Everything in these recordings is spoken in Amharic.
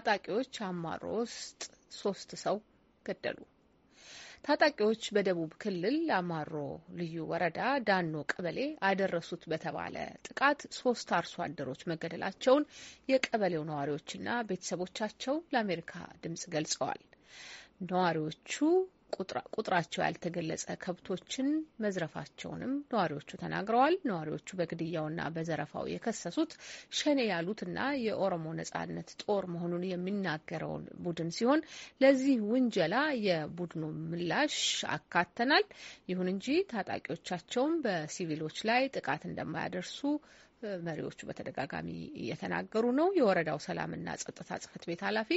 ታጣቂዎች አማሮ ውስጥ ሶስት ሰው ገደሉ። ታጣቂዎች በደቡብ ክልል አማሮ ልዩ ወረዳ ዳኖ ቀበሌ አደረሱት በተባለ ጥቃት ሶስት አርሶ አደሮች መገደላቸውን የቀበሌው ነዋሪዎችና ቤተሰቦቻቸው ለአሜሪካ ድምጽ ገልጸዋል። ነዋሪዎቹ ቁጥራቸው ያልተገለጸ ከብቶችን መዝረፋቸውንም ነዋሪዎቹ ተናግረዋል። ነዋሪዎቹ በግድያውና በዘረፋው የከሰሱት ሸኔ ያሉትና የኦሮሞ ነጻነት ጦር መሆኑን የሚናገረውን ቡድን ሲሆን ለዚህ ውንጀላ የቡድኑ ምላሽ አካተናል። ይሁን እንጂ ታጣቂዎቻቸውም በሲቪሎች ላይ ጥቃት እንደማያደርሱ መሪዎቹ በተደጋጋሚ እየተናገሩ ነው። የወረዳው ሰላምና ጸጥታ ጽህፈት ቤት ኃላፊ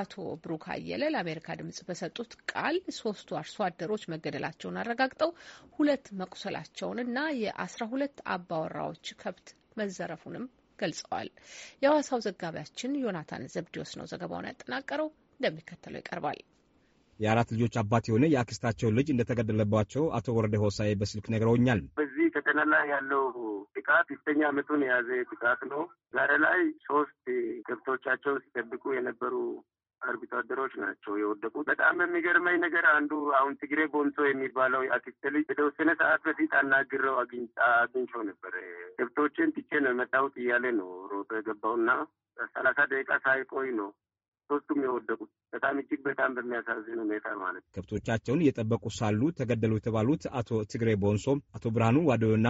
አቶ ብሩክ አየለ ለአሜሪካ ድምጽ በሰጡት ቃል ሶስቱ አርሶ አደሮች መገደላቸውን አረጋግጠው ሁለት መቁሰላቸውንና የአስራ ሁለት አባወራዎች ከብት መዘረፉንም ገልጸዋል። የሐዋሳው ዘጋቢያችን ዮናታን ዘብዲዮስ ነው ዘገባውን ያጠናቀረው፣ እንደሚከተለው ይቀርባል። የአራት ልጆች አባት የሆነ የአክስታቸው ልጅ እንደተገደለባቸው አቶ ወረደ ሆሳዬ በስልክ ነግረውኛል። በቀጠና ላይ ያለው ጥቃት ስድስተኛ አመቱን የያዘ ጥቃት ነው። ዛሬ ላይ ሶስት ከብቶቻቸውን ሲጠብቁ የነበሩ አርብቶ አደሮች ናቸው የወደቁ። በጣም የሚገርመኝ ነገር አንዱ አሁን ትግሬ ቦንሶ የሚባለው የአክስቴ ልጅ የተወሰነ ሰዓት በፊት አናግረው አግኝቸው ነበር። ከብቶችን ትቼ ነው የመጣሁት እያለ ነው ሮጦ የገባውና ሰላሳ ደቂቃ ሳይቆይ ነው ሶስቱም የወደቁት በጣም እጅግ በጣም በሚያሳዝን ሁኔታ ማለት ነው። ከብቶቻቸውን እየጠበቁ ሳሉ ተገደሉ የተባሉት አቶ ትግሬ ቦንሶ፣ አቶ ብርሃኑ ዋደዮና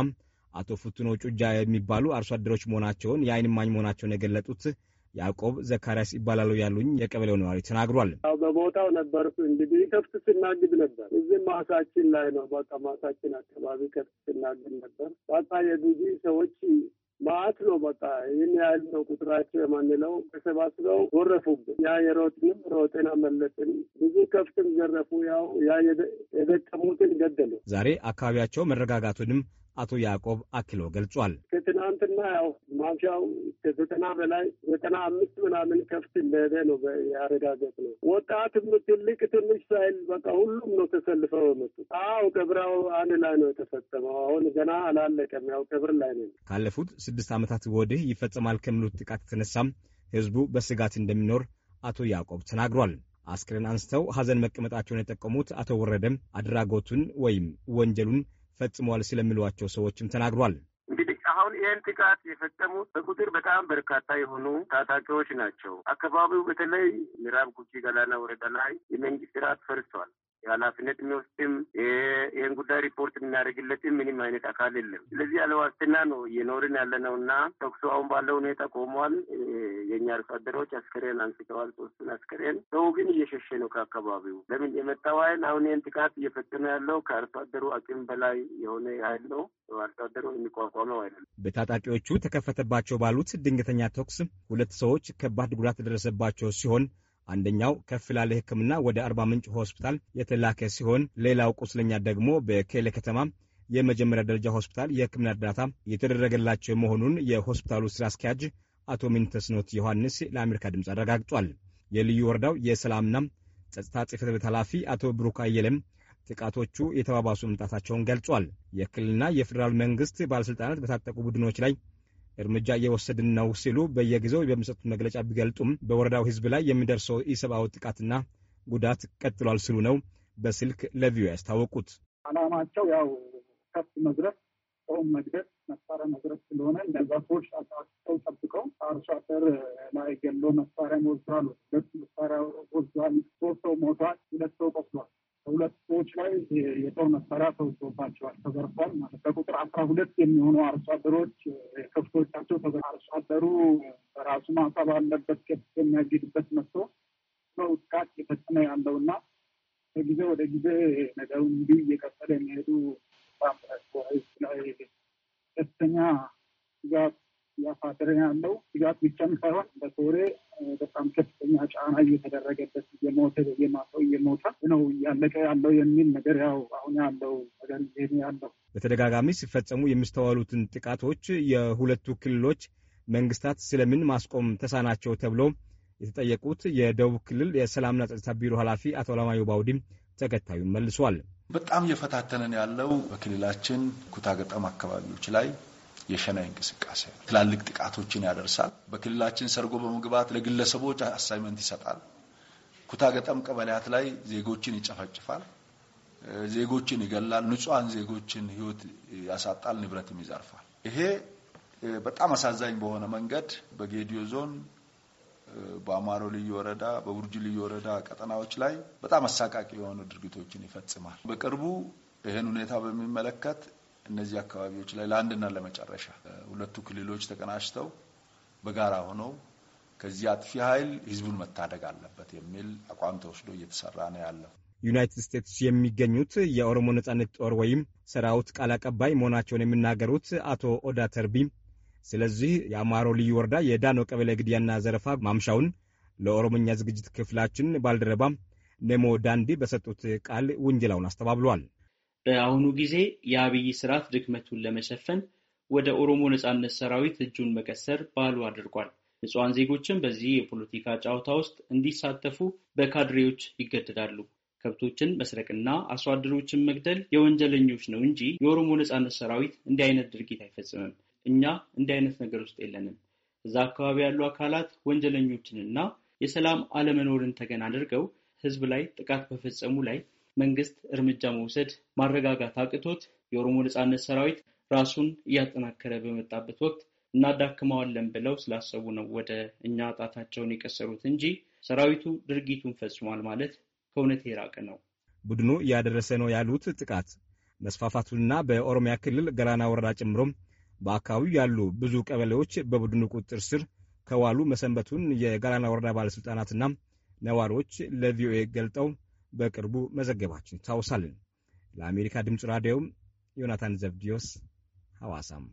አቶ ፍቱኖ ጩጃ የሚባሉ አርሶ አደሮች መሆናቸውን የአይን ማኝ መሆናቸውን የገለጡት ያዕቆብ ዘካርያስ ይባላሉ ያሉኝ የቀበሌው ነዋሪ ተናግሯል። በቦታው ነበርኩ እንግዲህ ከብት ስናግድ ነበር። እዚህ ማሳችን ላይ ነው። በቃ ማሳችን አካባቢ ከብት ስናግድ ነበር። በቃ የጉጂ ሰዎች ማት ነው። በቃ ይህን ያህል ነው ቁጥራቸው የማንለው ተሰባስበው ጎረፉብን። ያ የሮጥንም ሮጤን አመለጥን። ብዙ ከፍትም ዘረፉ። ያው ያ የደቀሙትን ገደሉ። ዛሬ አካባቢያቸው መረጋጋቱንም አቶ ያዕቆብ አክሎ ገልጿል። ከትናንትና ያው ማምሻው ከዘጠና በላይ ዘጠና አምስት ምናምን ከፍት እንደሄደ ነው ያረጋገጥ ነው። ወጣትም ትልቅ ትንሽ ሳይል በቃ ሁሉም ነው ተሰልፈው የመጡት። አዎ ቀብራው አንድ ላይ ነው የተፈጸመው። አሁን ገና አላለቀም። ያው ቀብር ላይ ነው። ካለፉት ስድስት ዓመታት ወዲህ ይፈጸማል ከሚሉት ጥቃት የተነሳም ህዝቡ በስጋት እንደሚኖር አቶ ያዕቆብ ተናግሯል። አስክሬን አንስተው ሀዘን መቀመጣቸውን የጠቀሙት አቶ ወረደም አድራጎቱን ወይም ወንጀሉን ፈጽመዋል ስለሚሏቸው ሰዎችም ተናግሯል። አሁን ይህን ጥቃት የፈጸሙት በቁጥር በጣም በርካታ የሆኑ ታጣቂዎች ናቸው። አካባቢው በተለይ ምዕራብ ጉጂ ገላና ወረዳ ላይ የመንግስት ስርዓት ፈርሷል። የኃላፊነት የሚወስድም ይህን ጉዳይ ሪፖርት የሚያደርግለትም ምንም አይነት አካል የለም። ስለዚህ ያለ ዋስትና ነው እየኖርን ያለ ነው እና ተኩሱ አሁን ባለው ሁኔታ ቆሟል። የእኛ አርሶ አደሮች አስከሬን አንስተዋል፣ ሶስቱን አስከሬን። ሰው ግን እየሸሸ ነው ከአካባቢው። ለምን የመጣው ኃይል አሁን ይህን ጥቃት እየፈጸመ ያለው ከአርሶ አደሩ አቅም በላይ የሆነ ኃይል ነው። አርሶ አደሩ የሚቋቋመው አይደለም። በታጣቂዎቹ ተከፈተባቸው ባሉት ድንገተኛ ተኩስ ሁለት ሰዎች ከባድ ጉዳት የደረሰባቸው ሲሆን አንደኛው ከፍ ላለ ሕክምና ወደ አርባ ምንጭ ሆስፒታል የተላከ ሲሆን ሌላው ቁስለኛ ደግሞ በኬሌ ከተማ የመጀመሪያ ደረጃ ሆስፒታል የሕክምና እርዳታ የተደረገላቸው መሆኑን የሆስፒታሉ ስራ አስኪያጅ አቶ ሚንተስኖት ዮሐንስ ለአሜሪካ ድምፅ አረጋግጧል። የልዩ ወረዳው የሰላምና ጸጥታ ጽሕፈት ቤት ኃላፊ አቶ ብሩክ አየለም ጥቃቶቹ የተባባሱ መምጣታቸውን ገልጿል። የክልልና የፌዴራል መንግስት ባለሥልጣናት በታጠቁ ቡድኖች ላይ እርምጃ እየወሰድን ነው ሲሉ በየጊዜው በሚሰጡት መግለጫ ቢገልጡም በወረዳው ህዝብ ላይ የሚደርሰው ኢሰብአዊ ጥቃትና ጉዳት ቀጥሏል ሲሉ ነው በስልክ ለቪኦኤ ያስታወቁት። አላማቸው ያው ከብት መዝረፍ፣ ሰውን መግደል፣ መሳሪያ መዝረፍ ስለሆነ እነዛ ሰዎች አሳቸው ጠብቀው አርሶ አደር ላይ ገሎ መሳሪያ ወስዷል። ሁለት መሳሪያ ወስዷል። ሶስት ሰው ሞቷል። ሁለት ሰው ቆስሏል። ሁለት ሰዎች ላይ የጦር መሳሪያ ተወስዶባቸዋል፣ ተዘርፏል ማለት በቁጥር አስራ ሁለት የሚሆኑ አርሶ አደሮች ከብቶቻቸው ተዘ አርሶ አደሩ በራሱ ማሳ ባለበት ከብት የሚያግድበት መጥቶ ነው ጥቃት የፈጸመ ያለው እና ከጊዜ ወደ ጊዜ ነገሩ እንዲሁ እየቀጠለ የሚሄዱ ላይ ከፍተኛ ስጋት እያሳደረ ያለው ስጋት ብቻም ሳይሆን በሶሬ በጣም ከፍተኛ ጫና እየተደረገበት የሞተ የማሰው እየሞታ ነው እያለቀ ያለው የሚል ነገር ያው አሁን ያለው ነገር ያለው በተደጋጋሚ ሲፈጸሙ የሚስተዋሉትን ጥቃቶች የሁለቱ ክልሎች መንግስታት ስለምን ማስቆም ተሳናቸው ተብሎ የተጠየቁት የደቡብ ክልል የሰላምና ጸጥታ ቢሮ ኃላፊ አቶ አለማዮ ባውዲም ተከታዩን መልሷል። በጣም እየፈታተነን ያለው በክልላችን ኩታገጠም አካባቢዎች ላይ የሸናይ እንቅስቃሴ ነው። ትላልቅ ጥቃቶችን ያደርሳል። በክልላችን ሰርጎ በመግባት ለግለሰቦች አሳይመንት ይሰጣል። ኩታ ገጠም ቀበሌያት ላይ ዜጎችን ይጨፈጭፋል። ዜጎችን ይገላል። ንጹሐን ዜጎችን ህይወት ያሳጣል፣ ንብረትም ይዘርፋል። ይሄ በጣም አሳዛኝ በሆነ መንገድ በጌዲዮ ዞን በአማሮ ልዩ ወረዳ በቡርጅ ልዩ ወረዳ ቀጠናዎች ላይ በጣም አሳቃቂ የሆኑ ድርጊቶችን ይፈጽማል። በቅርቡ ይህን ሁኔታ በሚመለከት እነዚህ አካባቢዎች ላይ ለአንድና ለመጨረሻ ሁለቱ ክልሎች ተቀናጅተው በጋራ ሆነው ከዚህ አጥፊ ኃይል ህዝቡን መታደግ አለበት የሚል አቋም ተወስዶ እየተሰራ ነው ያለው። ዩናይትድ ስቴትስ የሚገኙት የኦሮሞ ነጻነት ጦር ወይም ሰራዊት ቃል አቀባይ መሆናቸውን የሚናገሩት አቶ ኦዳ ተርቢ ስለዚህ የአማሮ ልዩ ወረዳ የዳኖ ቀበሌ ግድያና ዘረፋ ማምሻውን ለኦሮሞኛ ዝግጅት ክፍላችን ባልደረባ ኔሞ ዳንዲ በሰጡት ቃል ውንጀላውን አስተባብሏል። በአሁኑ ጊዜ የአብይ ስርዓት ድክመቱን ለመሸፈን ወደ ኦሮሞ ነጻነት ሰራዊት እጁን መቀሰር ባህሉ አድርጓል። ንጹሐን ዜጎችን በዚህ የፖለቲካ ጨዋታ ውስጥ እንዲሳተፉ በካድሬዎች ይገደዳሉ። ከብቶችን መስረቅና አርሶ አደሮችን መግደል የወንጀለኞች ነው እንጂ የኦሮሞ ነጻነት ሰራዊት እንዲህ አይነት ድርጊት አይፈጽምም። እኛ እንዲህ አይነት ነገር ውስጥ የለንም። እዛ አካባቢ ያሉ አካላት ወንጀለኞችንና የሰላም አለመኖርን ተገን አድርገው ህዝብ ላይ ጥቃት በፈጸሙ ላይ መንግስት እርምጃ መውሰድ ማረጋጋት አቅቶት የኦሮሞ ነጻነት ሰራዊት ራሱን እያጠናከረ በመጣበት ወቅት እናዳክመዋለን ብለው ስላሰቡ ነው ወደ እኛ ጣታቸውን የቀሰሩት እንጂ ሰራዊቱ ድርጊቱን ፈጽሟል ማለት ከእውነት የራቀ ነው። ቡድኑ እያደረሰ ነው ያሉት ጥቃት መስፋፋቱንና በኦሮሚያ ክልል ገላና ወረዳ ጨምሮ በአካባቢው ያሉ ብዙ ቀበሌዎች በቡድኑ ቁጥጥር ስር ከዋሉ መሰንበቱን የገላና ወረዳ ባለሥልጣናትና ነዋሪዎች ለቪኦኤ ገልጠው በቅርቡ መዘገባችን ይታወሳል። ለአሜሪካ ድምፅ ራዲዮም ዮናታን ዘብዲዮስ ሐዋሳም